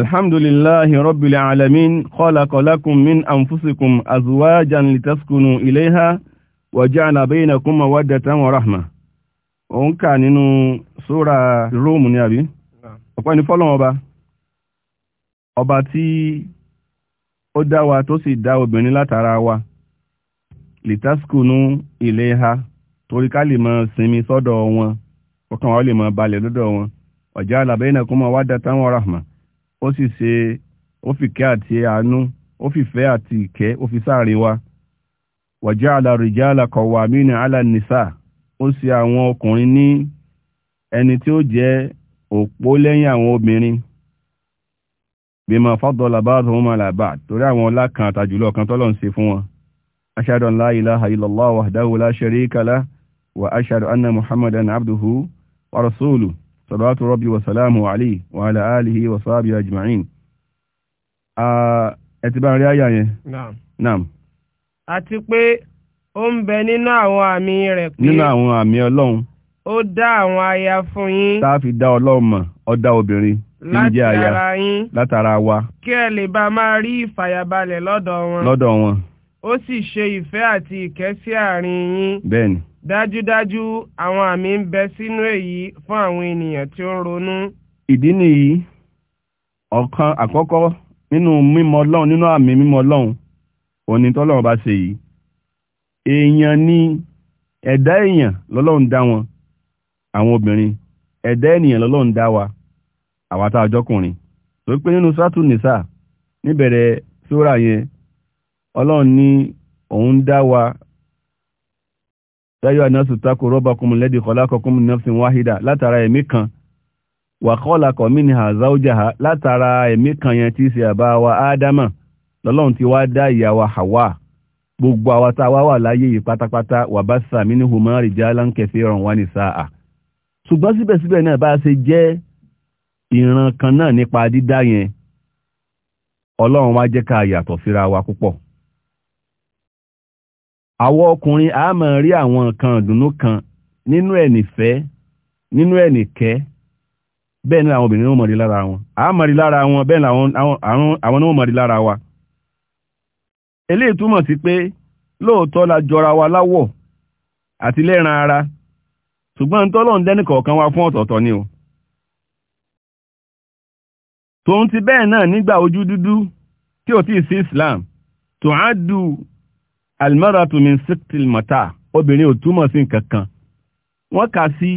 الحمد لله رب العالمين خلق لكم من أنفسكم أزواجا لتسكنوا إليها وجعل بينكم مودة ورحمة òun kà nínú sóra róòmù ní àbí ọ̀pẹ́ ní fọ́lọ́n ọba ọba tí ó dá wa tó sì dá obìnrin látara wa lìtàskùnú ilẹ̀-ha torí ká lè máa sinmi sọ́dọ̀ wọn ọkàn wa lè máa balẹ̀ lọ́dọ̀ wọn ọ̀já alàbẹ́yìnà kó máa wá dá táwọn rahma ó sì ṣe ó fi kẹ́ àti àánú ó fi fẹ́ àti ìkẹ́ ó fi sáàrin wa waja'ala rijala qawwamina 'ala nisa ó sì àwọn ọkùnrin ní ẹni tí ó jẹ́ òpó lẹ́yìn àwọn obìnrin bima faddala ba'dhum 'ala ba'd torí àwọn ọlá kan àtàjùlọ kan tọ́lọ̀ ń ṣe fún wọn ashhadu an la ilaha illallah wahdahu la sharika lah wa ashhadu anna muhammadan abduhu wa rasuluhu salawatu rabbi wa salamu alayhi wa ala alihi wa sahbihi ajma'in ẹ ti bá rí àyà yẹn. naam. naam. àti pé ó ń bẹ nínú àwọn àmì rẹ̀ pé. nínú àwọn àmì ọlọ́run. ó da àwọn aya fún yín. tá a fi dá ọlọ́run mọ̀ ó obìnrin. ara wa. kí ẹ lè bá máa rí ìfàyàbalẹ̀ lọ́dọ̀ wọn. lọ́dọ̀ wọn. ó sì ṣe ìfẹ́ àti ìkẹ́ sí àárín yín. bẹ́ẹ̀ni. dájúdájú àwọn àmì ń bẹ sínú èyí fún àwọn ènìyàn tí ó ń ronú. ìdí nìyí ọ̀kan àkọ́kọ́ nínú mímọ̀ ọlọ́run nínú àmì mímọ̀ ọlọ́run òní tọ́lọ́run bá ṣe yìí èèyàn ni ẹ̀dá èèyàn lọ́lọ́run dá wọn àwọn obìnrin ẹ̀dá ènìyàn lọ́lọ́run dá wa àwa tá a jọkùnrin tó pé nínú sátú níbẹ̀rẹ̀ sóra yẹn ọlọ́run ní òun dá wa yáyọ́ ànásù tako rọ́bàkùn lẹ́dí kọlákọ̀kún nafsin wáhídà látara ẹ̀mí kan wà kọ́lákọ̀ mí ní àzáújáha látara ẹ̀mí kan yẹn tí í àbá wa ádámà lọ́lọ́run ti wá dá ìyá Hawa gbogbo àwa tá a wá wà láyé yìí pátápátá wà bá sàmì ní humna rijalan kathiran wa nisaa ṣùgbọ́n síbẹ̀síbẹ̀ náà bá ṣe jẹ́ ìran kan náà nípa dídá yẹn ọlọ́run wá jẹ́ ká yàtọ̀ síra wa púpọ̀ àwọn ọkùnrin a máa rí àwọn nǹkan ìdùnnú kan nínú ẹ̀ nífẹ̀ẹ́ nínú ẹ̀ bẹ́ẹ̀ ni àwọn obìnrin ó mọ̀ rí lára wọn a mọ̀ rí lára wọn bẹ́ẹ̀ làwọn àwọn náà mọ̀ rí lára wa eléyìí túmọ̀ sí pé lóòótọ́ la jọra wa láwọ̀ àti lẹ́ran ara ṣùgbọ́n tọ́lọ́ ń dẹ́nìkọ̀ọ̀kan wa fún ọ̀tọ̀ọ̀tọ̀ ni o tòun ti bẹ́ẹ̀ náà nígbà ojú dúdú tí ò tí ì sí Islam tòun á dù almaratu min siktil mata obìnrin ò túmọ̀ sí nǹkan kan wọ́n kà sí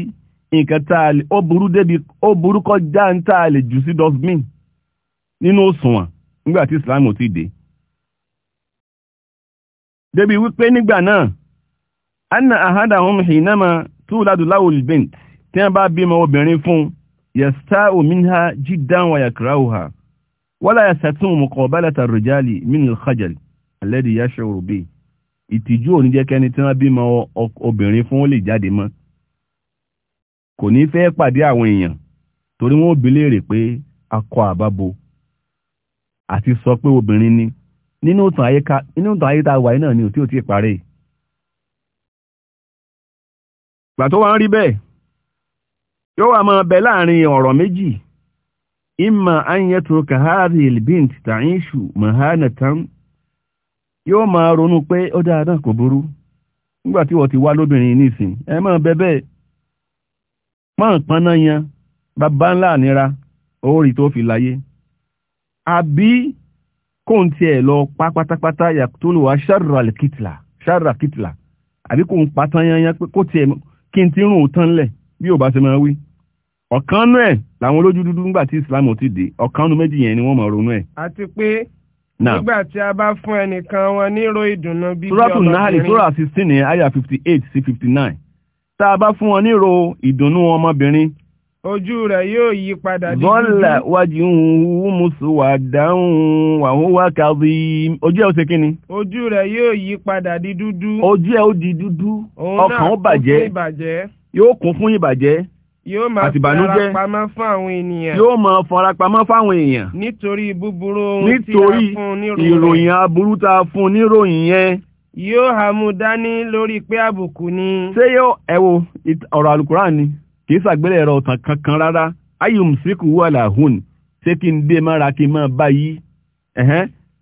nǹkan tá a lè ó burú débi ó burú kọjá ń tá a lè jù sí dustbin nínú òṣùwọ̀n nígbà tí islam ò ti dé. débi wípé nígbà náà anna ahadahum hinama túládù láwùl bint tí wọ́n bá bímọ obìnrin fún yasta ominha jiddan wa yakrauha wala yasatun muqabalata rijali min al-khajal alladhi yash'uru bihi ìtìjú ò ní jẹ́ kẹ́ni tí wọ́n bímọ obìnrin fún ó lè jáde mọ́ kò ní fẹ́ pàdé àwọn èèyàn torí wọ́n ó bi léèrè pé akọ àbábo àti sọ pé obìnrin ni nínú ìtàn ayé tá a wà náà ni ò tí ò ti ì parí. ìgbà tó wá ń rí bẹ́ẹ̀ yóò wá máa bẹ láàrin ọ̀rọ̀ méjì imma an yatruka hadhihi al-bint ta'ishu mahanatan yóò máa ronú pé ó dáadáa kò burú nígbà tí wọ́n ti wá lóbìnrin nísìn ẹ mọ̀ bẹ́bẹ̀ mọ̀ pọ́nná yan bàbá ńlá nira orí tó fi láyé àbí kóun tiẹ̀ lọ pa pátápátá yàtúlù wa ṣáàrà kìtìlà àbí kóun pa tán yanyan pé kó tiẹ̀ kí n ti rùn tán lẹ̀ bí ò bá ṣe máa wí ọ̀kan nú làwọn olójú dúdú nígbà tí ìsìlámù ti dé ọ̀kan nú méjì yẹn ni wọ́n máa ronú ẹ̀. àti pé nígbà tí a bá fún ẹnìkan wọn nírò ìdùnnú bíbí ọmọbìnrin. sùràtù náàlì sùrà sixteen ní àyà fifty eight sí fifty nine tá a bá fún wọn nírò ìdùnnú ọmọbìnrin. ojú rẹ̀ yóò yí padà dé. zọ́là wájú mùsùlùmí wàhúwà kàdí. ojú ẹ̀ ó ṣe kí ni. ojú rẹ̀ yóò yí padà di dúdú. ojú ẹ̀ ó di dúdú. ọkàn ó bàjẹ́ yóò kún fún ìbàjẹ́ yóò máa fara pamọ́ fún àwọn ènìyàn. yóò máa fara pamọ́ fún àwọn èèyàn. nítorí búburú ohun tí a fún níròyìn. nítorí ìròyìn aburú tá a fún níròyìn yẹn. yóò há mú dání lórí pé àbùkù ni. ṣé yóò ẹ wo ọ̀rọ̀ àlùkùrán ni kì í ṣàgbélẹ̀ ẹ̀rọ ọ̀tàn kankan rárá ayùm síkù wà làhùn ṣé kí n dé mára kí n máa bá yí.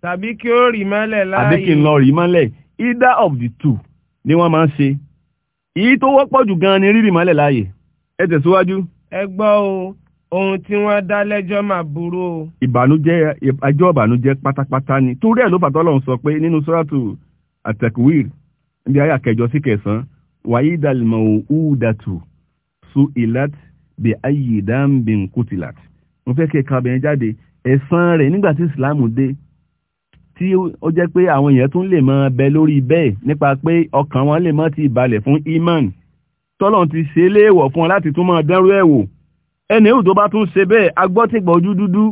tàbí kí ó rì mọ́lẹ̀ láàyè. àbí kí n lọ rì mọ́lẹ̀ either of the two ni wọ́n máa ń ṣe. èyí tó wọ́pọ̀ jù gan-an ni rírì mọ́lẹ̀ láàyè ẹ tẹ̀síwájú. ẹ gbọ́ o ohun tí wọ́n dá lẹ́jọ́ máa burú o. ìbànújẹ́ ẹjọ́ ìbànújẹ́ pátápátá ni torí ẹ̀ ló bàtọ́ lọ́hùn sọ pé nínú sọ́ràtù àtẹ̀kùwìr níbi ayé àkẹjọ sí kẹsàn-án wàyí ìdàlùmọ̀ òwúdàtù su ilat bi ayi dambin kutilat mo fẹ́ kí ẹ̀ka obìnrin jáde ẹ̀san rẹ̀ nígbà tí ìsìláàmù dé tí ó jẹ́ pé àwọn èèyàn tún lè máa bẹ lórí bẹ́ẹ̀ nípa pé ọkàn wọn lè má ti balẹ̀ fún iman tọ́lọ́n ti ṣe léèwọ̀ fún ọ láti tún máa dánrú ẹ̀ wò ẹni èwù tó bá tún ṣe bẹ́ẹ̀ agbọ́tìgbọ̀ ojú dúdú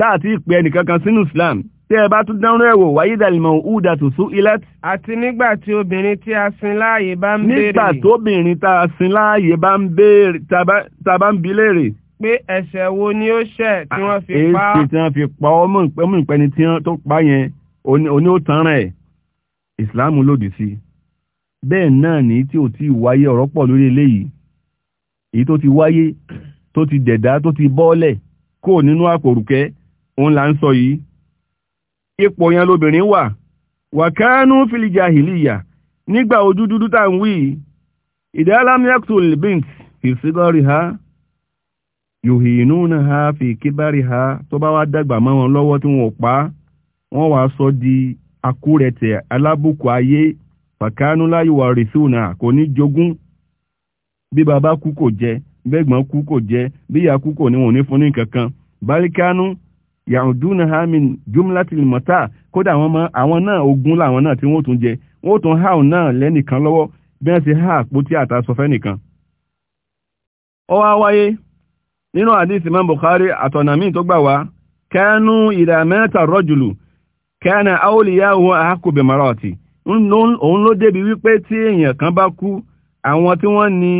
táàtì ìpè ẹnìkankan sínú Islam tí ẹ bá tún dánrú ẹ̀ wò wáyé dàlímọ̀ òhúdà tó sún ilẹ̀. àti nígbà tí obìnrin tí a sin láàyè bá ń béèrè. nígbà tóbìnrin tá a sin láàyè bá ń béèrè tá a bá ń bi léèrè. pé ẹ̀ṣẹ̀ wo ni ó ṣẹ̀ tí ah, wọ́n fi pa. èsì tí wọ́n fi pa ọmọ ìpẹ́ni tó pa yẹn oní ó tanràn ẹ̀ Islam lòdì sí i bẹ́ẹ̀ náà ní tí ò ti wáyé ọ̀rọ̀ pọ̀ lórí eléyìí èyí tó ti wáyé tó ti dẹ̀dá tó ti bọ́ọ̀lẹ̀ kó nínú àpòrùkẹ́ òun là ń sọ yìí ipò yẹn lobìnrin wà wàkánú fìlìjà hìlìyà nígbà ojú dúdú tá ń wí ìdálámẹ́kùtùl bint ìsígọ́rì ha yòhìnú na ha fi kíbárì ha tó bá wá dàgbà mọ́ wọn lọ́wọ́ tí wọn ò pa wọ́n wá sọ di akúrẹ̀tẹ̀ alábùkù ayé fàkánú láyò wà rìsúnà kò ní jogún bí bàbá kú kò jẹ bẹ́gbọ́n kú kò jẹ bí ìyá kú kò ní wọn ní fún ní kankan bálíkánú yàdúnà hamin jumlatil mọ́tà kódà àwọn náà ogun làwọn náà tí wọ́n tún jẹ wọ́n tún háùn náà lẹ́nìkan bí ti há àpótí àtàsọ fẹ́nìkan. ó wá wáyé nínú Bukhari àtọ̀nàmí tó gbà wá kánú òun ló débi wípé tí èèyàn kan bá kú àwọn tí wọ́n ni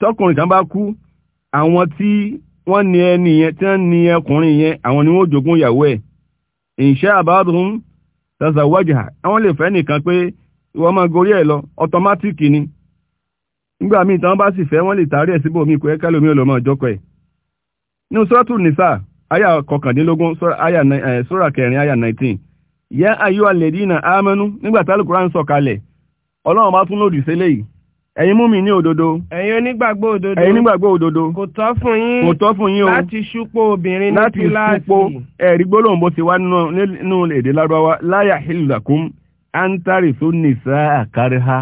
tọkùnrin kan bá kú àwọn tí wọ́n ní ẹni yẹn tí wọ́n ní ẹkùnrin yẹn àwọn ni wọ́n jogún ìyàwó ẹ̀ ìṣe àbádùn tazawájà àwọn lè fẹ́ nìkan pé ìwọ máa gorí ẹ̀ lọ ọtọmátìkì ni nígbà míì tán bá sì fẹ́ wọ́n lè tààrí ẹ̀ síbò míì kò ẹ́ kálòmí ọlọ́mọ ìjọkọ̀ ẹ̀ ní sọ́tù nìsà àyà kọkàndínlógún sọ́ra eh, kẹrin àyà 19 yá ayú alẹ́dínà ámẹ́nú nígbàtí alùkùrán sọ̀kalẹ̀ ọlọ́run bá tún lòdì sílẹ̀ yìí ẹ̀yin mú mi ní òdodo. ẹ̀yin onígbàgbọ́ òdodo. ẹ̀yin onígbàgbọ́ òdodo. kò tọ́ fún yín. kò tọ́ fún yín o. láti ṣúpó obìnrin ní kíláàsì. láti ṣúpó ẹ̀rí gbólóhùn bó ti wá nínú èdè lárúbáwá láyà hìlùdàkùn áńtárì tó nìṣá àkárí ha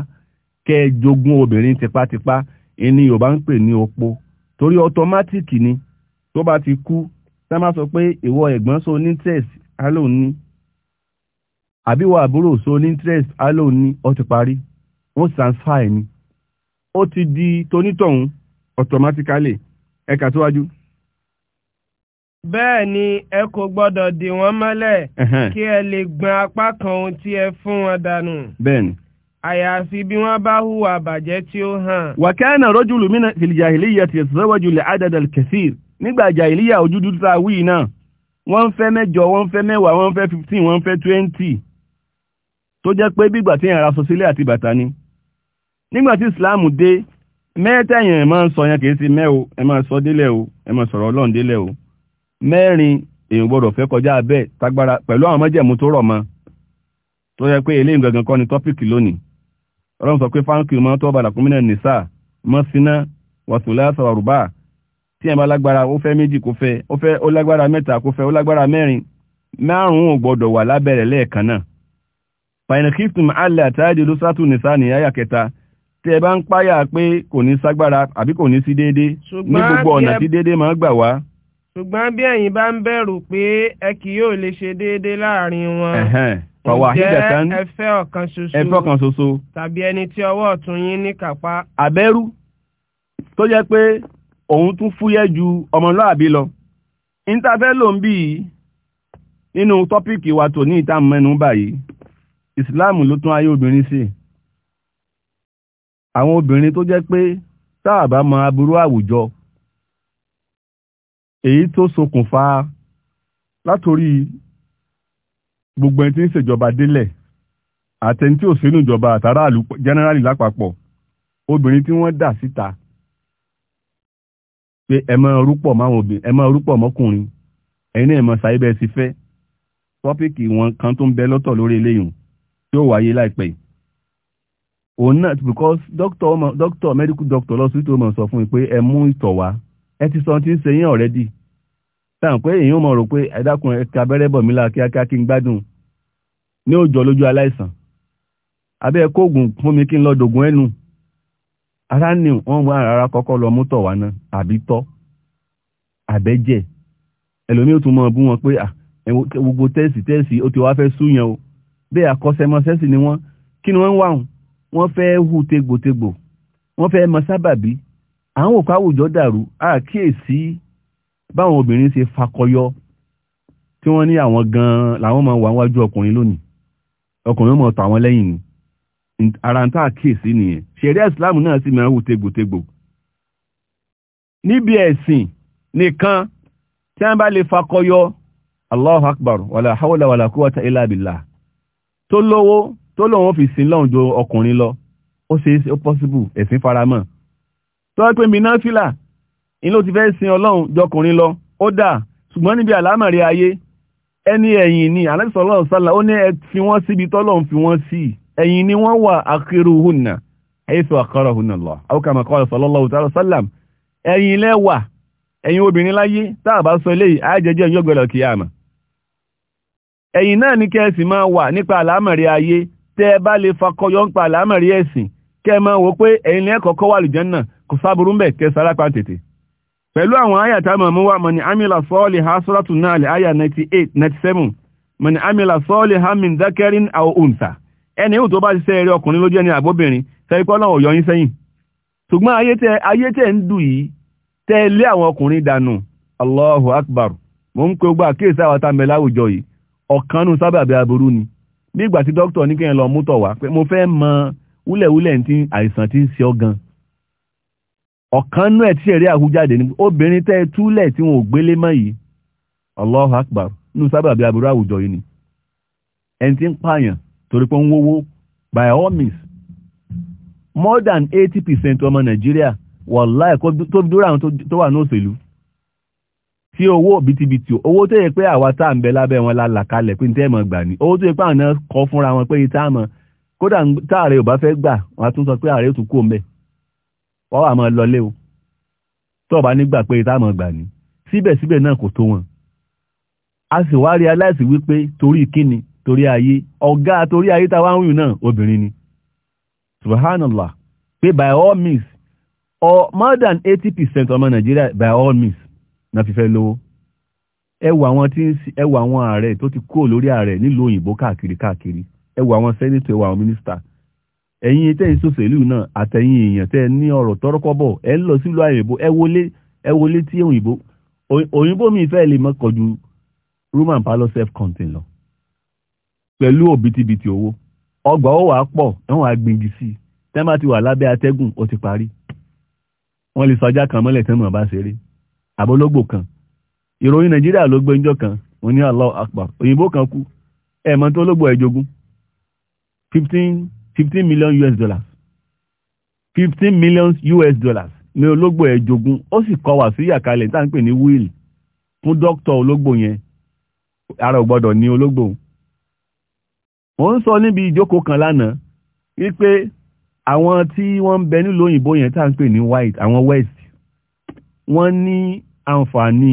kẹ́ jogún obìnrin tipátipá ẹni yorùbá ń pè ní opó torí ọtọmátìkì ni tó bá ti kú tá má sọ pé ìwọ ẹ̀gbọ́n so ní tẹ̀sí àbíwọ̀ àbúrò so ní interest alo ní ó ti parí wọ́n transfer ẹ̀ ni ó ti di tonítọ̀hún automatically ẹ̀ka tó wájú. bẹ́ẹ̀ ni ẹ kò gbọ́dọ̀ dì wọ́n mọ́lẹ̀ kí ẹ lè gbọn apá kan ohun tí ẹ fún wọn dànù. bẹ́ẹ̀ni. àyàfi bí wọ́n bá hùwà bàjẹ́ tí ó hàn. wàkẹ́ẹ̀nà rọ́júlù mí fil jahiliya ti tazawwaju li adad al-kathir nígbà jahiliya ojú dúdú tá a náà wọ́n fẹ́ mẹ́jọ wọ́n fẹ́ mẹ́wàá wọ́n fẹ́ fifteen wọ́n fẹ́ twenty tó jẹ́ pé bígbà tí èèyàn ra sọsílẹ̀ àti bàtà ni nígbà tí ìsìláàmù dé mẹ́tẹ̀yìn ẹ̀ máa ń sọ yẹn kìí sí mẹ́ o ẹ máa sọ délẹ̀ o ẹ máa sọ̀rọ̀ ọlọ́run délẹ̀ o mẹ́rin èèyàn gbọ́dọ̀ fẹ́ kọjá abẹ́ tágbára pẹ̀lú àwọn mọ́jẹ̀mú tó rọ̀ mọ́ tó yẹ pé eléyìí gangan kọ́ ni tọ́pìkì lónìí ọlọ́run sọ pé fáńkì mọ́ tó bàdà kúmínà nìsà mọ́ síná wàsùlá sọ̀rọ̀rùbá tí ẹ̀ bá lágbára ó fẹ́ méjì kó fẹ́ ó lágbára mẹ́ta kó fẹ́ ó lágbára mẹ́rin márùn-ún ò gbọ́dọ̀ wà lábẹ́rẹ̀ lẹ́ẹ̀kan náà pàìnàkìtùm alẹ́ àtàdé ló sátù nìsá ní àyà kẹta tí ẹ bá ń páyà pé kò ní ságbára àbí kò ní sí déédé ní gbogbo ọ̀nà tí déédé máa ń gbà wá. ṣùgbọ́n bí ẹ̀yin bá ń bẹ̀rù pé ẹ kì yóò lè ṣe déédé láàrin wọn ǹjẹ́ ẹ fẹ́ ọ̀kan ṣoṣo tàbí ẹni tí ọwọ́ ọ̀tún yín ní kápá. àbẹ́rú tó jẹ́ pé òun tún fúyẹ́ ju ọmọlúàbí lọ ìntàfẹ́ lòún bì yìí nínú tọ́píìkì wa tòní ìsìláàmù ló tún ayé obìnrin sí àwọn obìnrin tó jẹ́ pé táàbá mọ aburú àwùjọ èyí tó ṣokùnfà látorí gbogbo ẹni tí ń ṣèjọba délẹ̀ àtẹni tí ò sínú ìjọba àtàràlù jẹ́nẹ́rálì lápapọ̀ obìnrin tí wọ́n dà síta pé ẹ máa rúpọ̀ máwọn obìnrin ẹ máa rúpọ̀ mọ́kùnrin ẹ̀yin náà ẹ máa ṣàyẹ̀bẹ̀ fẹ́ tọ́pìkì wọn kan tó ń bẹ lọ́tọ̀ lórí eléyìí yóò wáyé láìpẹ́ yìí òun náà because doctor ọmọ doctor medical doctor lọ́sítọ́ ọmọ sọ fún mi pé ẹ mú ìtọ̀ wá ẹ ti sọ ti ń ṣe yín already táwọn pé èyí ò mọ̀ rò pé ẹ dákun ẹ ka abẹ́rẹ́ bọ̀ mí la kíákíá kí n gbádùn ní òjò lójú aláìsàn abẹ́ kóògùn fún mi kí n lọ dògùn ẹnu ara ni wọ́n wá ara kọ́kọ́ lọ mú tọ̀ wá náà àbí tọ́ àbẹ́jẹ̀ ẹlòmíì ó tún mọ̀ bú wọn pé gbogbo tẹ́ẹ̀sì tẹ́ẹ̀sì ó ti wá fẹ́ súyàn o bẹ́ẹ̀ akọ́ṣẹ́mọṣẹ́ sì ni wọ́n kí ni wọ́n ń wáhùn wọ́n fẹ́ hu tegbòtegbò wọ́n fẹ́ mọ sábàbí àwọn òkú àwùjọ dàrú àkíyèsí báwọn obìnrin ṣe fakọyọ tí wọ́n ní àwọn gan-an làwọn máa wà wájú ọkùnrin lónìí ọkùnrin mọ̀ tàwọn lẹ́yìn ni ara ń tà kíyèsí nìyẹn ṣẹ̀ríà Islam náà sì máa ń hu tegbòtegbò níbi ẹ̀sìn nìkan tí wọ́n bá lè fakọyọ Allahu Akbar wàlà hawla wàlà quwwata illa billah tó lówó tó lòun fi sin lọ́hùn ju ọkùnrin lọ ó ṣe é possible ẹ̀sìn faramọ́ tó wá pé mìíràn fìlà ni ló ti fẹ́ sin ọlọ́run jọkùnrin lọ ó dà ṣùgbọ́n níbi àlámọ̀rí ayé ẹni ẹ̀yìn ni alẹ́sọ̀lọ́ sálà ó ní ẹ fi wọ́n síbi tọ́lọ́run fi wọ́n sí ẹ̀yìn ni wọ́n wà akhiruhunna ẹ̀yẹ́sọ̀ akharahunna Allah aw kama qala ẹ̀yìn náà ní kẹ́ẹ̀sì máa wà nípa àlámọ̀rí ayé tẹ́ ẹ bá lè fakọyọ nípa àlámọ̀rí ẹ̀sìn kẹ́ máa wò pé ẹ̀yìn lẹ́ẹ̀ kọ́kọ́ wà lùjẹ́nà kò sáburú ń bẹ̀ kẹ́ sára pa tètè. pẹ̀lú àwọn àyà tá a mọ̀ amila sọ́ọ̀lì ha sọ́ọ̀tù náà lè àyà 98 97 mọ̀ ní amila sọ́ọ̀lì ha min zakarin aw unsa ẹni ìhù tó bá ṣiṣẹ́ eré ọkùnrin lójú ẹni náà sẹ́yìn ọ̀kanú sábàbí aburú ni bí ìgbà tí dókítà ní kéèyàn lọ mútọ̀ wá pé mo fẹ́ mọ wúlẹ̀wúlẹ̀ tí àìsàn ti ń ṣe ọ́ gan ọ̀kanú ẹ̀ tí ẹ̀rí àhújáde ni obìnrin tẹ́ túlẹ̀ tí wọn ò yìí Allahu Akbar nínú sábàbí aburú àwùjọ yìí ni ẹni tí ń pààyàn by all means more than eighty percent ọmọ Nàìjíríà tó dúró àwọn tó wà tí owó òbítíbitì owó tó yẹ pé àwa tá à ń bẹ lábẹ́ wọn la làkalẹ̀ pé ní tẹ́ẹ̀mọ̀ gbà ní owó tó yẹ pé àwọn náà kọ fúnra wọn pé ìtààmọ̀ kódà táàrẹ ò bá fẹ́ gbà wọn tún sọ pé ààrẹ tún kú òǹbẹ̀ wọ́n wà máa lọlé o tó bá nígbà pé ìtààmọ̀ gbà ní síbẹ̀síbẹ̀ náà kò tó wọn. a sì wá rí aláìsí wípé torí kíni torí ayé ọ̀gá torí ayé tá wá ń rìn náà obìnrin ni subhanallah pé by all means or more than eighty percent ọmọ nàìjíríà by all means náà fi fẹ́ lówó ẹ wo àwọn tí ẹ wo àwọn ààrẹ tó ti kúrò lórí ààrẹ nílùú òyìnbó káàkiri káàkiri ẹ wo àwọn sẹ́nitọ̀ ẹ wo àwọn mínísítà ẹ̀yin tẹ́ ń sòṣèlú náà àtẹ̀yìn èèyàn tẹ́ ní ọ̀rọ̀ tọ́rọ́kọ́bọ̀ ẹ ń lọ sílùú òyìnbó ẹ wọlé ẹ wọlé tí òyìnbó òyìnbó mi fẹ́ lè mọ́kọ̀ ju roman palo self contain lọ pẹ̀lú òbítíbitì owó ọgbà ó wàá pọ̀ ẹ̀wọ̀n agbègbè sí i tẹ́ bá ti wà àbólógbò kan ìròyìn nàìjíríà ló gbé ńjọ́ kan wọ́n ní Allahu Akbar òyìnbó kan kú ẹ̀mọ́ tó lógbò ẹ̀jogún fifteen fifteen million US dollars fifteen million US dollars ní ológbò ẹ̀jogún ó sì kọ wà sí yàkalẹ̀ tá à ń pè ní wíìlì fún dókítà ológbò yẹn ara ò gbọ́dọ̀ ní ológbò wọ́n ń sọ níbi ìjókòó kan lánàá wípé àwọn tí wọ́n ń bẹ nílùú òyìnbó yẹn tá à pè ní white àwọn west wọ́n ní àǹfààní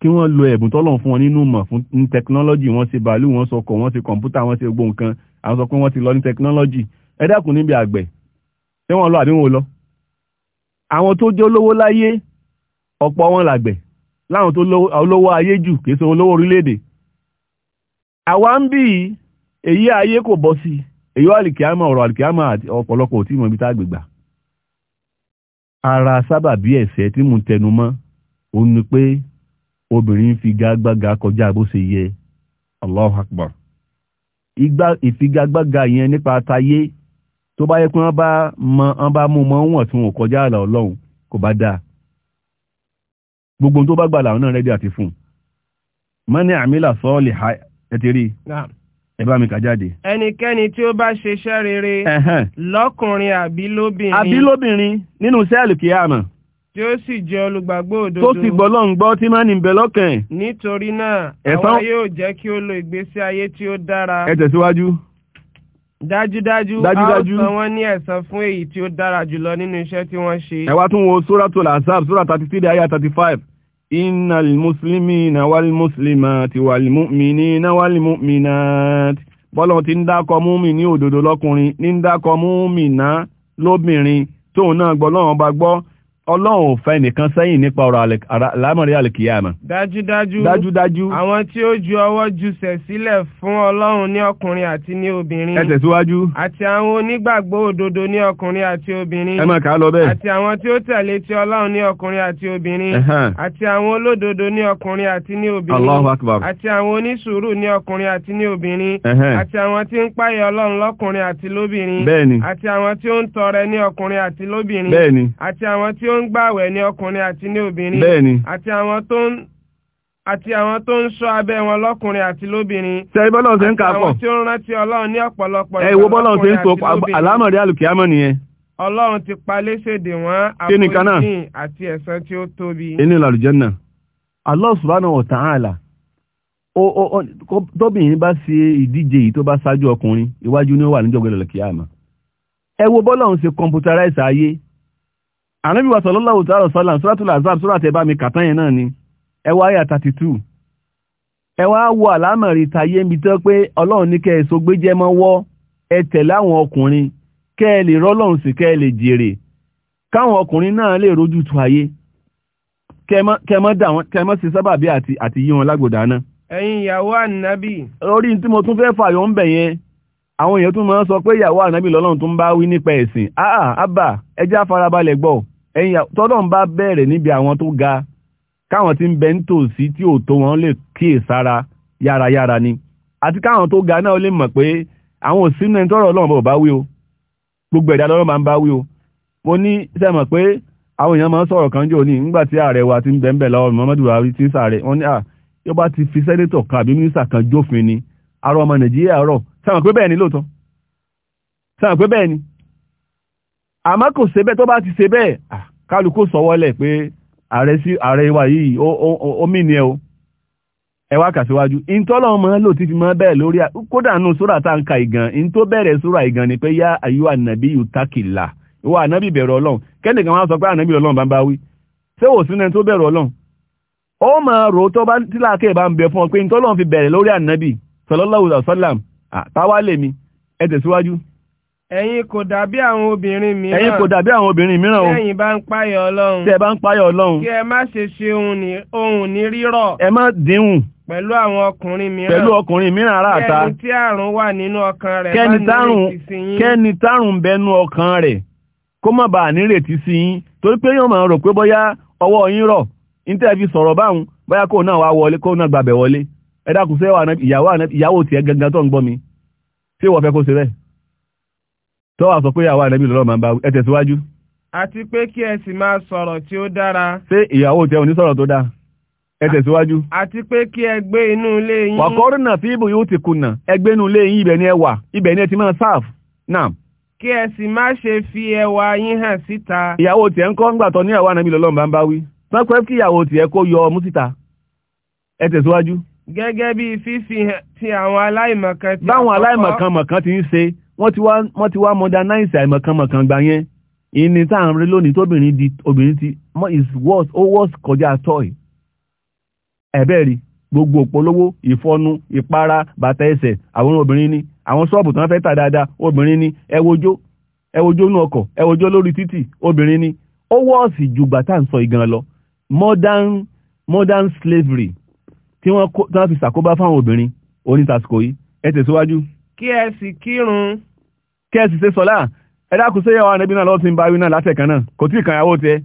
kí wọ́n lo ẹ̀bùn tọ́lọ̀ fún wọn nínú mọ̀ fún tẹkinọ́lọ́jì wọ́n ṣe bàálù wọ́n sọkọ̀ wọ́n ṣe kọ̀ǹpútà wọ́n ṣe gbogbo nǹkan àwọn sọ pé wọ́n ti lọ ní tẹkinọ́lọ́jì ẹ dákun níbi àgbẹ̀ ṣé wọ́n lọ àbí wọn ò lọ. àwọn tó jẹ́ olówó láyé ọ̀pọ̀ wọn làgbẹ̀ láwọn tó olówó ayé jù kì í ṣe olówó orílẹ̀-èdè. àwa ń bì èyí ayé kò bọ́ sí èyí àlìkíámà ara sábàbí ẹ̀ṣẹ̀ tí mo tẹnu mọ́ ó ní pé obìnrin ń figagbága kọjá bó ṣe yẹ Allahu Akbar ìgbà ìfigagbága yẹn nípa tayé tó bá yẹ kí wọ́n bá mọ wọ́n bá mú mọ́ wọ̀n tí wọ́n kọjá àlà ọlọ́run kò bá dáa gbogbo tó bá gbà làwọn náà rẹ́dí àti fún mọ́ ní àmìlà sọ́ọ̀lì ẹ̀tẹ̀rí ẹ bá mi kà jáde. ẹnikẹ́ni tí ó bá ṣiṣẹ́ rere lọ́kùnrin àbí lóbìnrin. àbí lóbìnrin nínú sẹ́ẹ̀lì kìí àmọ̀. tí ó sì jẹ́ olùgbàgbọ́ òdodo. tó sì gbọ́ lọ́n gbọ́ tí máa ń bẹ lọ́kàn. nítorí náà àwọn yóò jẹ́ kí ó lo ìgbésí ayé tí ó dára. ẹ tẹ̀síwájú. dájúdájú a ó san wọ́n ní ẹ̀san fún èyí tí ó dára jùlọ nínú iṣẹ́ tí wọ́n ṣe. ẹ wá tún wo sóràtò làásàb sóràtà 33 ayé 35 إن المسلمين والمسلمات والمؤمنين والمؤمنات bọ́lọ̀ ti ń dákọ múmi ní òdòdó lọ́kùnrin ní ń dákọ múmi náà Ọlọ́run ò fẹ́ nìkan sẹ́yìn nípa ọ̀rọ̀ alámọ̀rí àlìkìyàmà. Dájúdájú. Dájúdájú. Àwọn tí ó ju ọwọ́ jùsẹ̀ sílẹ̀ fún Ọlọ́run ní ọkùnrin àti ní obìnrin. Ẹ tẹ̀síwájú. Àti àwọn onígbàgbọ́ òdodo ní ọkùnrin àti obìnrin. Ẹ máa kà á lọ bẹ́ẹ̀. Àti àwọn tí ó tẹ̀lé ti Ọlọ́run ní ọkùnrin àti obìnrin. Àti àwọn olódodo ní ọkùnrin àti ní obìnrin. Allahu Akbar. Àti àwọn onísùúrù ní ọkùnrin àti ní obìnrin. Àti àwọn tí ń páyà Ọlọ́run lọ́kùnrin àti lóbìnrin. Bẹ́ẹ̀ni. Àti àwọn tí ó ń tọrẹ ní ọkùnrin àti lóbìnrin. Àti àwọn tí ó ń gbàwẹ̀ ní ọkùnrin àti ní obìnrin. bẹ́ẹ̀ni. àti àwọn tó ń àti àwọn tó ń ṣọ́ abẹ́ wọn lọ́kùnrin àti lóbìnrin. sẹ́yìn bọ́lá ọ̀sẹ̀ ń kà pọ̀. àwọn tí ó ń rántí ọlọ́run ní ọ̀pọ̀lọpọ̀. ẹ wo bọ́lá ọ̀sẹ̀ ń so àlámọ̀rí àlùkìyámọ̀ nìyẹn. ọlọ́run ti pa léṣèdè wọn àforíjìn àti ẹ̀san tí ó tóbi. inú ìlàlùjẹ́nà Allah subhanahu wa ta'ala tóbìnrin bá ṣe ìdíje yìí tó bá ṣáájú ọkùnrin iwájú ni ó wà níjọ́gbẹ́lẹ̀ kíyámà ẹ wo bọ́lá ọ̀sẹ̀ computerize ayé ànábì wa sallallahu ta'ala sallam suratul azab surat ẹ bá mi kàtán yẹn náà ni ẹ wá àyà 32 ẹ wá wo àlámọ̀rí tayé mi tán pé ọlọ́run ní kẹ́ ẹ sógbé jẹ́ mọ́ wọ́ ẹ tẹ̀lé àwọn ọkùnrin kẹ́ ẹ lè rọ́lọ́run sí kẹ́ ẹ lè jèrè káwọn ọkùnrin náà lè rójú tu ayé kẹ́ mọ́ sí sábàbí àti yí wọn lágbòdà náà ẹ̀yin ìyàwó ànábì orí tí mo tún fẹ́ fàyọ̀ ń bẹ̀ yẹn àwọn èèyàn tún máa ń sọ pé ìyàwó ànábì lọ́lọ́run tó ń bá wí nípa ẹ̀sìn àà àbà ẹjẹ́ àfarabalẹ̀ gbọ́ ẹ̀yìn tọ́lọ́ ń bá bẹ̀rẹ̀ níbi àwọn tó ga káwọn tí ń bẹ ń tí ò tó wọn lè kíyè sára yárayára ni àti káwọn tó ga náà lè mọ̀ pé àwọn òsínú ẹni tọ́rọ̀ ọlọ́run bọ̀ bá wí o gbogbo ẹ̀dá lọ́rọ̀ máa ń bá wí o mo ní sẹ́ mọ̀ pé àwọn èèyàn máa ń sọ̀rọ̀ kan jò ní nígbà tí ààrẹ wa ti ń bẹ́ńbẹ̀ lọ́wọ́ Muhammadu Buhari ti ń sàárẹ̀ wọ́n ní à yóò bá ti fi sẹ́nétọ̀ kan àbí mínísà kan jófin ni àrọ ọmọ nàìjíríà rọ̀ sáwọn pé bẹ́ẹ̀ ni lóòótọ́ sáwọn pé bẹ́ẹ̀ ni àmọ́ kò ṣe bẹ́ẹ̀ tó bá ti ṣe bẹ́ẹ̀ kálukú sọwọ́lẹ̀ pé ààrẹ sí ààrẹ wa yìí ó mì ní ẹ o ẹ wá kà síwájú ìtọ́lọ́ ọmọ lò ti fi mọ́ bẹ́ẹ̀ lórí kódà nù sóra tá ń ka ìgàn ìn tó bẹ̀rẹ̀ sóra ìgàn ni pé yá àyíwá nàbí ìtakìlà ìwà ànábì bẹ̀rù ọlọ́run kẹ́nìkan wá sọ pé ànábì ọlọ́run bá ń bá wí ṣé wò sínú ẹni tó bẹ̀rù ọlọ́run ó máa rò tó bá tíláàkẹ́ bá ń bẹ fún ọ pé ìtọ́lọ́run fi bẹ̀rẹ̀ lórí ànábì sallallahu alaihi wasallam táwa lè mi ẹ tẹ̀síwájú. kò dàbí àwọn obìnrin mìíràn ẹ̀yin kò dàbí àwọn obìnrin mìíràn o bá ń páyọ̀ ọlọ́run bá ń kí ẹ má ṣe ṣe ohun ní rírọ̀ ẹ má dínwùn pẹ̀lú àwọn ọkùnrin mìíràn pẹ̀lú ọkùnrin mìíràn ara tárùn bẹnu ọkàn rẹ̀ kó má bàa nírètí sí ẹ dákun sẹ́ ìyàwó tiẹ̀ gangan tó ń gbọ́ mi ṣé wọ́n fẹ́ kó ṣe bẹ́ẹ̀ wà sọ pé ìyàwó ànábì lọ́rọ̀ máa ń bá ẹ tẹ̀síwájú. àti pé kí ẹ sì máa sọ̀rọ̀ tí ó dára. ṣé ìyàwó tẹ òní sọ̀rọ̀ tó dáa ẹ tẹ̀síwájú. àti pé kí ẹ gbé ni ẹ wà ibẹ̀ ni ẹ ti máa náà. kí ẹ sì má fi ẹwà yín hàn síta. ìyàwó tiẹ̀ ń kọ́ ní ń bá wí. kí ìyàwó tiẹ̀ kó gẹ́gẹ́ bí fífi ti àwọn aláìmọ̀kan ti àkọ́kọ́. báwọn aláìmọ̀kanmọ̀kan ti ń ṣe wọ́n ti wá modernize àìmọ̀kanmọ̀kan gbà yẹn ìní tá à ń rí lónìí tóbìnrin di obìnrin ti is worse ó worse kọjá toy ẹ̀bẹ́ rí gbogbo òpolówó ìfọnu ìpara bàtà ẹsẹ̀ àwọn obìnrin ni àwọn ṣọ́ọ̀bù tí wọ́n fẹ́ tà dáadáa obìnrin ni ẹwojó ẹwojó nú ọkọ̀ ẹwojó lórí títì obìnrin ni ó wọ́ọ̀sì ju gbàtà ń sọ ìgan lọ modern modern slavery tí wọ́n fi ṣàkóbá fáwọn obìnrin onítàsíkò yìí ẹ tẹ̀síwájú. kí ẹ sì kírun. kí ẹ sì ṣe sọlá ẹ dákun sí ìyàwó anábì náà lọ́wọ́ tí ń bá wí náà látẹ̀kan náà kò tí ì kàn yàwó tiẹ̀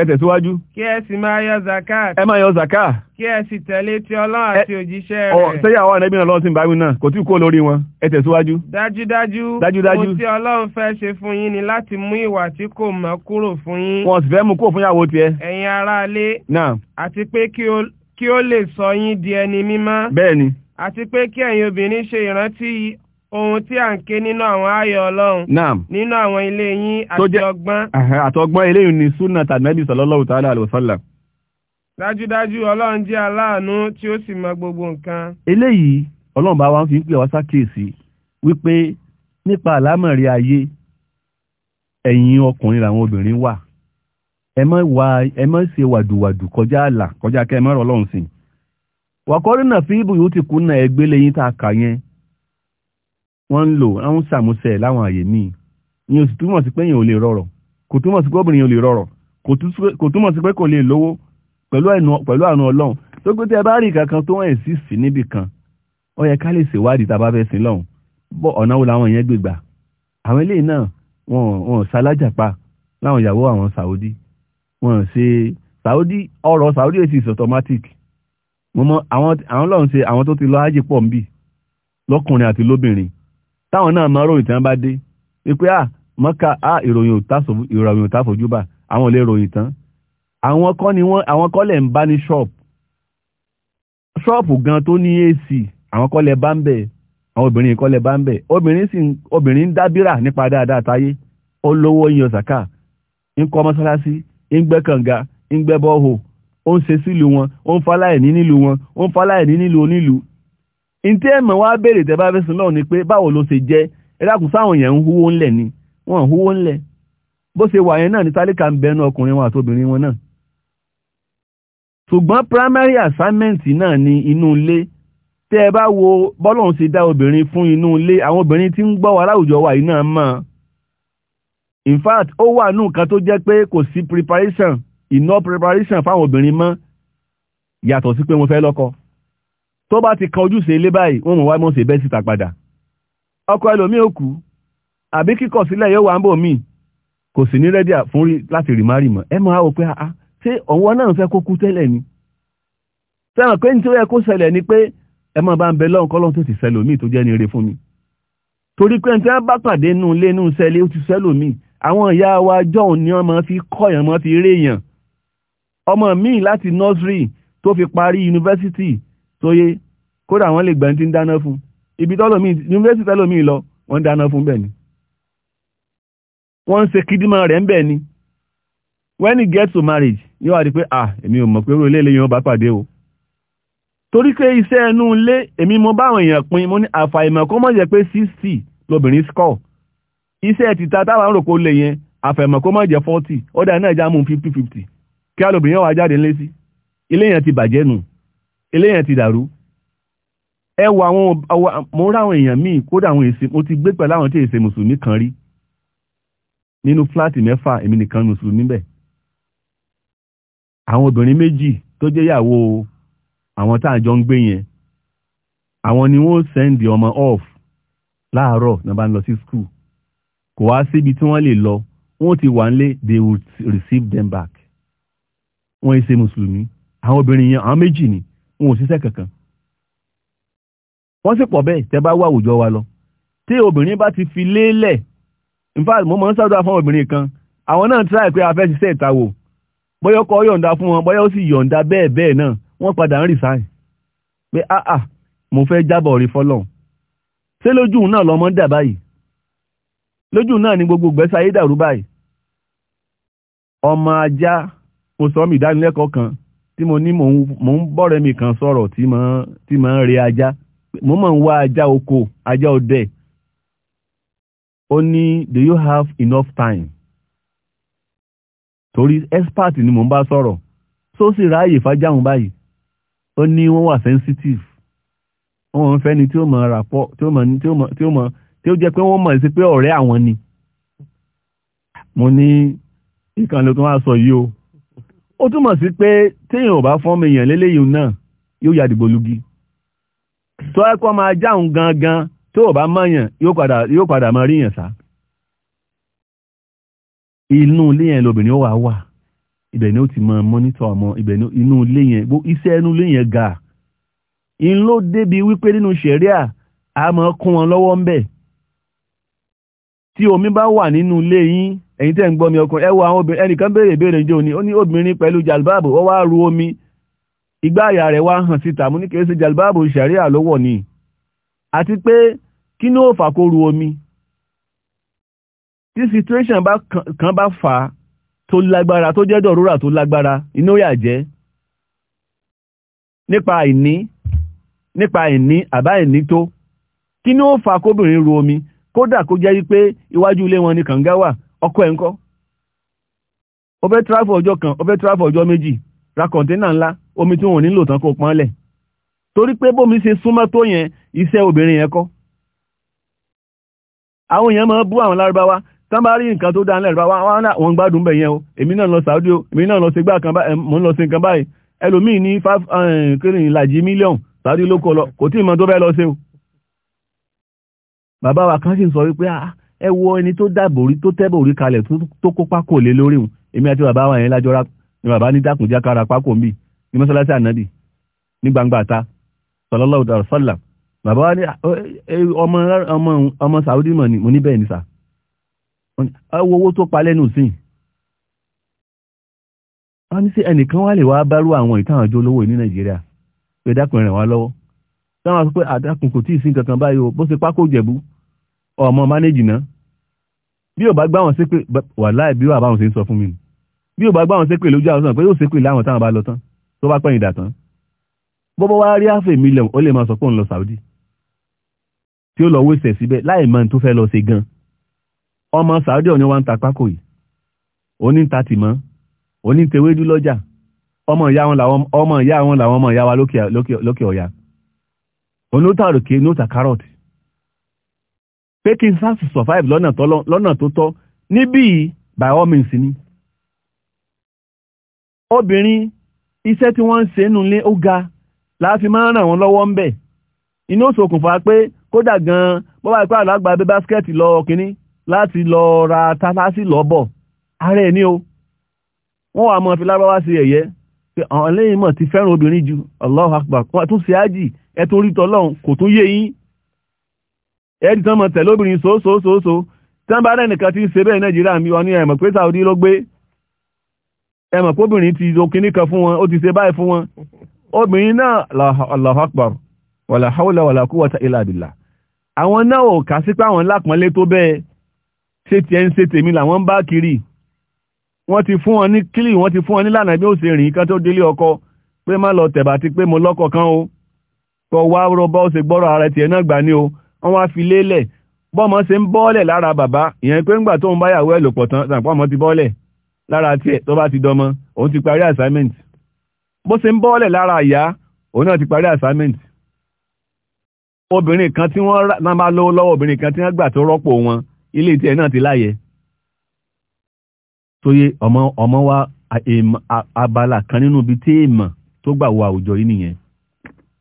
ẹ tẹ̀síwájú. kí ẹ sì máa yọ zakat. ẹ máa yọ zakat. kí ẹ sì tẹ̀lé ti ọlọ́run àti òjíṣẹ́ rẹ̀. ọ sẹ́yàwó anábì náà lọ́wọ́ tí ń bá wí náà kò tí ì kó lórí wọn ẹ tẹ̀síwájú. dájúdájú dájúdájú ohun tí ọlọ́run fẹ́ ṣe fún yín ni láti mú kí ó lè sọ yín di ẹni mímọ́. bẹ́ẹ̀ni. àti pé kí ẹ̀yin obìnrin ṣe ìrántí ohun tí à ń ké nínú àwọn ayọ̀ ọlọ́run. naam nínú àwọn ilé yín àti ọgbọ́n. àtọgbọ́n eléyìí ni sunna tàbí sallallahu ta'ala alaihi wasallam. dájúdájú ọlọ́run jẹ́ aláàánú tí ó sì mọ gbogbo nǹkan. eléyìí ọlọ́run bá wa fi pè wá sákèsí wípé nípa àlámọ̀rí ayé ẹ̀yin ọkùnrin làwọn obìnrin wà ẹ má wá ẹ má ṣe wàdùwàdù kọjá àlà kọjá kẹ́ ẹ má rọ ọlọ́run sìn wàkọ́rìnà fi ibùyó ti kùnà ẹgbẹ́ lẹ́yìn tá a kà yẹn wọ́n ń lò àwọn sàmúsẹ̀ láwọn àyè míì ìyẹn sì túmọ̀ sí pé èèyàn ò lè rọrọ̀ kò túmọ̀ sí pé obìnrin ò lè rọrọ̀ kò túmọ̀ sí pé kò lè lówó pẹ̀lú àánú ọlọ́run tó pé tí ẹ bá rí kankan tó wọ́n ẹ̀sì sí níbì kan ó yẹ ká lè ṣèwádìí tá fẹ́ sin lọ́hùn bọ́ ọ̀nà wo làwọn yẹn gbègbà àwọn eléyìí náà wọn ò sálájàpá láwọn ìyàwó àwọn Saudi wọ́n ṣe Saudi ọ̀rọ̀ Saudi èsì is automatic mọ́mọ́ àwọn lọ́n ṣe àwọn tó ti lọ ájì pọ̀ nbì lọ́kùnrin àti lóbìnrin táwọn náà máa ròyìn tí wọ́n bá dé wípé à ah, mọ́ka à ah, ìròyìn ò táfojú bá àwọn ò lè ròyìn tán àwọn kọ́ ni wọ́n àwọn kọ́lẹ̀ ń bá ní ṣọ́ọ̀pù ṣọ́ọ̀pù gan tó ní AC àwọn kọ́lẹ̀ bá ń bẹ̀ àwọn obìnrin kọ́lẹ̀ bá ń bẹ̀ obìnrin sì obìnrin ń dábírà nípa dáadáa táyé ó lówó ń ń kọ́ mọ́sálásí ń gbẹ́ kànga ń gbẹ́ bọ́ọ̀hò ó ń ṣe sílùú wọn ó ń fáláìní nílùú wọn ó ń fáláìní nílùú onílùú ntí ẹ̀mọ̀ wá béèrè tẹ́ bá fẹ́ sin lọ́wọ́ ni pé báwo ló ṣe jẹ́ ẹ dákun sáwọn èèyàn ń húwó ńlẹ̀ ni wọ́n ń húwó ńlẹ̀ bó ṣe wà yẹn náà ní tálíkà ń bẹnu ọkùnrin wọn àtobìnrin wọn náà ṣùgbọ́n primary assignment náà ni inú ilé tẹ́ ẹ bá wo bọ́lọ́run ṣe dá obìnrin fún inú ilé àwọn obìnrin tí ń gbọ́ wa láwùjọ wa yìí náà mọ́ ọ in fact ó wà nù nǹkan tó jẹ́ pé kò sí preparation enough preparation fáwọn obìnrin mọ́ yàtọ̀ sí pé wọ́n fẹ́ lọ́kọ tó bá ti kan ojúṣe ilé báyìí wọ́n mọ̀ wá mọ̀ sí bẹ́ẹ̀ síta padà ọkọ ẹlòmíì ò kú àbí kíkọ̀ sílẹ̀ yóò wà ń bò míì kò sì ní rẹ́díà fún rí láti rí márì mọ́ ẹ mọ̀ á wò pé àá ah, ah, ṣé ọ̀wọ́ náà fẹ́ kó kú tẹ́lẹ̀ ni sẹ́wọ̀n pé ní tí ó yẹ kó ṣẹlẹ̀ ni pé ẹ máa bá ń bẹ lọ́hùn kọ́lọ́hùn tó ti ṣẹlòmíì tó jẹ́ ní ire fún mi torí pé ní tí wọ́n bá pàdé nù ilé nù sẹ́lẹ̀ ó ti ṣẹlòmíì àwọn ìyá wa jọ̀hún ni wọ́n máa fi kọ́yàn máa fi réèyàn ọmọ míì láti nursery tó fi parí University. tó yé kódà wọ́n lè gbẹ̀ǹtì ń dáná fún ibi tọ́lọ́mì yunifásitì tọ́lọ́mì lọ wọ́n dáná fún bẹ́ẹ̀ ni wọ́n ń ṣe kídímọ̀ rẹ̀ ń bẹ̀ ni when he gets to marriage yóò wá di pé ah èmi ò mọ̀ pé orí ilé yóò bá pàdé o torí pé iṣẹ́ ẹnu ilé èmi mo báwọn èèyàn pin mo ní àfàìmọ̀ kó mọ̀ jẹ́ pé sixty lobìnrin score iṣẹ́ títa táwọn rò pé ó lè yẹn àfẹ̀mọ̀ kó má jẹ́ fọ́tì ọ̀dà náà já mú fifty fifty kí alóbìnrin yẹn wá jáde ńlé sí ilé yẹn ti bàjẹ́ nù ilé yẹn ti dàrú ẹ wo àwọn mo ń ráwọn èèyàn míì kódà àwọn èsì mo ti gbé pẹ̀lú àwọn tí èsè mùsùlùmí kan rí nínú fúláàtì mẹ́fà èmi nìkan mùsùlùmí bẹ̀ àwọn obìnrin méjì tó jẹ́ ìyàwó àwọn tá à jọ ń gbé yẹn àwọn ni wọ́n sẹ́ndì ọmọ off láàárọ̀ náà bá ń lọ sí school kò wá síbi tí wọ́n lè lọ wọ́n ti wà nílé they will receive them back wọ́n yìí ṣe mùsùlùmí àwọn obìnrin yẹn àwọn méjì ni wọn ò ṣiṣẹ́ kankan wọ́n sì pọ̀ bẹ́ẹ̀ tẹ́ bá wà àwùjọ wa lọ tí obìnrin bá ti fi lélẹ̀ in fact mo máa ń ṣàdúrà fún obìnrin kan àwọn náà tíráì pé a fẹ́ ṣiṣẹ́ ìta wò bóyá ọkọ yọ̀ǹda fún wọn bóyá ó sì yọ̀ǹda bẹ́ẹ̀ bẹ́ẹ̀ náà wọ́n padà ń resign pé ah ah mo fẹ́ jábọ̀ rí fọ́lọ́run ṣé lójú náà lọmọ dà báyìí lójú náà ni gbogbo gbẹ́sà ayédàrú báyìí ọmọ ajá mo sọ mi ìdánilẹ́kọ̀ọ́ kan tí mo ní mò ń bọ̀rẹ̀ mi kan sọ̀rọ̀ tí mò ń re ajá mo mọ̀ ń wá ajá oko ajá ọdẹ ó ní do you have enough time torí expert ni mò ń bá sọ̀rọ̀ tó sì ráàyè fájáhùn báyìí ó ní wọ́n wà sensitive wọ́n fẹ́ni tí ó mọ̀ rapọ̀ tí ó mọ̀ tí ó jẹ́ pé wọ́n mọ̀ sí pé ọ̀rẹ́ àwọn ni mo ní ìkànnì tó wá sọ yìí o ó túmọ̀ sí pé téèyàn ò bá fọ́n mi èèyàn léléyìí náà yóò ya dìgbò lugi tó ẹ kọ́ máa jáun gangan tó ò bá mọ̀yàn yóò padà máa ríyàn sá inú ilé yẹn lobìnrin ó wà wà ibẹ̀ ni ó ti máa mọ́nítọ̀ ọmọ ibẹ̀ ni inú ilé yẹn iṣẹ́ inú ilé yẹn ga in débi wípé nínú sẹ̀ríà a máa kún wọn lọ́wọ́ ń bẹ̀ tí omi bá wà nínú ilé yín ẹ̀yin tẹ́ ń gbọ́ mi ọkùnrin ẹ wo àwọn obìnrin ẹnìkan béèrè béèrè jẹ́ òní ó ní obìnrin pẹ̀lú jalbáàbù ó wá ru omi igbá àyà rẹ̀ wá hàn síta mú ní kìí ṣe jalbáàbù ṣàríà ló wọ̀ ni àti pé kí ní ó fà kó ru omi tí situation bá kan bá fà á tó lágbára tó jẹ́ dọ̀rúrà tó lágbára inú yà jẹ́ nípa àìní nípa àìní àbá àìní tó kí ní ó fà kóbìnrin ru omi kódà kó jẹ́ wípé iwájú ilé wọn ni kànga wà ọkọ̀ ẹ̀ ń kọ́ ó fẹ́ tíráfù ọjọ́ kan ó fẹ́ tíráfù ọjọ́ méjì ra kọ̀ǹténà ńlá omi tí wọn ò nílò tán kó pọ́n lẹ̀ torí pé bómi ṣe súnmọ́ tó yẹn iṣẹ́ obìnrin yẹn kọ́ àwọn èèyàn máa bú àwọn lárúbáwá tán bá rí nǹkan tó dáa lárúbáwá wọn gbádùn bẹ̀ yẹn o èmi náà lọ Saudi o èmi náà lọ sí gbà kan báyìí mò ń lọ sí nǹkan báyìí ẹlòmíì ní five eh, kiri ìlàjì mílíọ̀nù Saudi ló kọ lọ kò tí ì mọ tó fẹ́ lọ sí o bàbá wa kan sì ń sọ wípé ah, ẹ wo ẹni tó dáàbò orí tó tẹ́bò orí kalẹ̀ tó kópa kò lé lórí òun èmi àti bàbá wa yẹn lájọra ni bàbá ní dákùnjá kára pákó ń bì ní mọ́sálásí ànádì ní gbangba ta sallallahu alaihi wasallam bàbá wa ní ọmọ Saudi mọ̀ ní mo ní bẹ́ẹ̀ ní sà owó owó tó pa lẹ́nu sí wọ́n ní sí ẹnìkan wá lè wá bárú àwọn ìtàn àjò olówó ní Nàìjíríà pé dákùnrin rẹ̀ wá lọ́wọ́ táwọn sọ pé àdákùn kò tí ì sí kankan báyìí o bó ṣe pákó jẹ̀bú ọmọ mánéjì náà bí ò bá gbá wọn ṣépè wà láì bí wà báwọn ṣe ń sọ fún mi bí ò bá gbá wọn ṣépè lójú àwọn sọ pé yóò ṣépè láwọn táwọn bá lọ tán tó bá pẹ́yìn dà tán bọ́bọ́ wá rí àfẹ́ mílíọ̀n ó lè máa sọ pé òun lọ Saudi tí ó lọ wéṣẹ̀ síbẹ̀ láì mọ tó fẹ́ lọ ṣe gan ọmọ Saudi ọ̀yàn wa ń ta pákó yìí oní ń ta tìmọ́ oní ń tewédú lọ́jà ọmọ ìyá wọn làwọn ọmọ ìyá wọn làwọn ọmọ ìyá wa lókè ọ̀yà onótà òrùké onótà kárọ̀tì pé kí n sáàsì survive lọ́nà tó tọ́ níbí by all means ni obìnrin iṣẹ́ tí wọ́n ń ṣe nínú ilé ó ga láàfin máa ń ràn wọ́n lọ́wọ́ ń bẹ̀ inú òṣòkùnfà pé kódà gan-an bó bá ipá àlọ́gbà bí báskẹ́ẹ̀tì lọ kínní láti lọ ra tálásì lọ́bọ̀ ara ẹ̀ ní o wọ́n wà mọ́ fi lárúbáwá sí ẹ̀yẹ pé àwọn lẹ́yìn mọ̀ ti fẹ́ràn obìnrin ju Allah Akbar wọ́n tún ṣe ájì ẹ tó rí tọ́lọ́run kò tún yé yín ẹ ti tán mọ̀ tẹ̀lé obìnrin sóòsóòsóòsó tí wọ́n bá rẹ̀ nìkan ti ń ṣe bẹ́ẹ̀ nàìjíríà mi wọn ni ẹ mọ̀ pé Saudi ló gbé ẹ mọ̀ pé obìnrin ti lo kinní kan fún wọn ó ti ṣe báyìí fún wọn obìnrin náà Allahu Akbar wàlà haúlà wàlà quwwata illa billah àwọn náà ò kà sí pé àwọn lápọ̀nlé tó bẹ́ẹ̀ ṣe tiẹ̀ ń ṣe tèmi làwọn ń bá kiri wọ́n ti fún wọn ní kílì wọ́n ti fún wọn nílànà bí ó ṣe kan tó délé ọkọ pé má lọ tẹ̀bà ti pé mo lọ́kọ kan o kọ wá rọ bọ́ ṣe gbọ́rọ̀ ara tiẹ̀ náà gbà ní o wọ́n wá fi lélẹ̀ bọ́mọ ṣe ń bọ́ọ̀lẹ̀ lára bàbá ìyẹn pé ńgbà tóun báyàwó ẹ̀ lòpọ̀ tán sàǹpọ̀ ọmọ ti bọ́ọ̀lẹ̀ lára tiẹ̀ tó bá ti dọmọ òun ti assignment bó ṣe ń bọ́ọ̀lẹ̀ lára ìyá òun ti parí assignment obìnrin kan tí wọ́n wọn ilé tiẹ̀ náà ti láyẹ̀ tóyé ọmọ ọmọ abala kan nínú ibi tó gbà wọ àwùjọ nìyẹn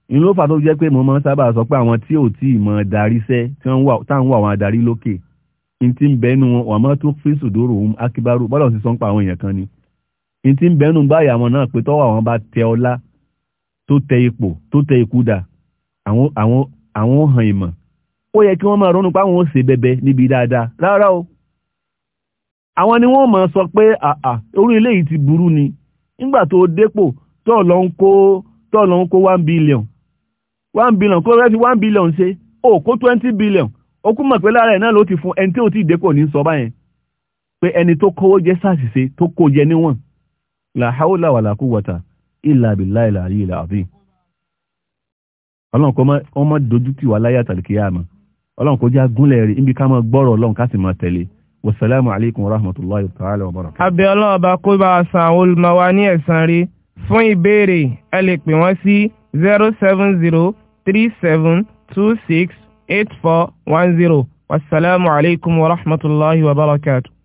inú ló fà tó jẹ́ pé mo máa ń sábà sọ pé àwọn tí ò tí ì mọ darí sẹ́ tí wọ́n táwọn wà wọn adarí lókè n ti ń bẹ́nu wọn wọ́n mọ́ tó fi sùdúrò ohun akíbárò bọ́dọ̀ sí sọ́npa àwọn èèyàn kan ni n ti ń bẹ́nu báyìí àwọn náà pé tọ́wọ́ àwọn bá tẹ ọlá tó tẹ ipò tó tẹ ikú dà àwọn hàn ìmọ̀ ó yẹ kí wọ́n máa ronú páwọn ó ṣe bẹbẹ níbi dáadáa rárá o àwọn ni wọ́n máa sọ pé àà orí eléyìí ti burú ni nígbà tó dépò tó lọ ń kó tó lọ ń kó one billion one billion kó rẹ́ fi one billion ṣe ó kó twenty billion ó kú mọ̀ pé lára ẹ̀ náà ló ti fún ẹni tí ò tí ì dépò ní sọ báyẹn pé ẹni tó kówó jẹ́ sàṣìṣe tó kó jẹ níwọ̀n la hawla wala quwwata illa billahi al-ali al-azim ọlọ́run kó ọmọ dojú tì wá láyé àtàlùkìyàmọ̀ ọlọ́run kó já gúnlẹ̀ rí níbi ká mọ́ gbọ́rọ̀ ọlọ́run ká sì mọ́ tẹ̀lé wasalaamu alaikum warahmatullahi ta'ala wa barakatuh. abẹ́ ọlọ́run ọba kó bá a san olùmọ̀ ní ẹ̀san rí fún ìbéèrè ẹ lè pè wọ́n sí zero seven zero three seven two six eight four one zero wasalaamualeykum wa rahmatulahi wa barakatu.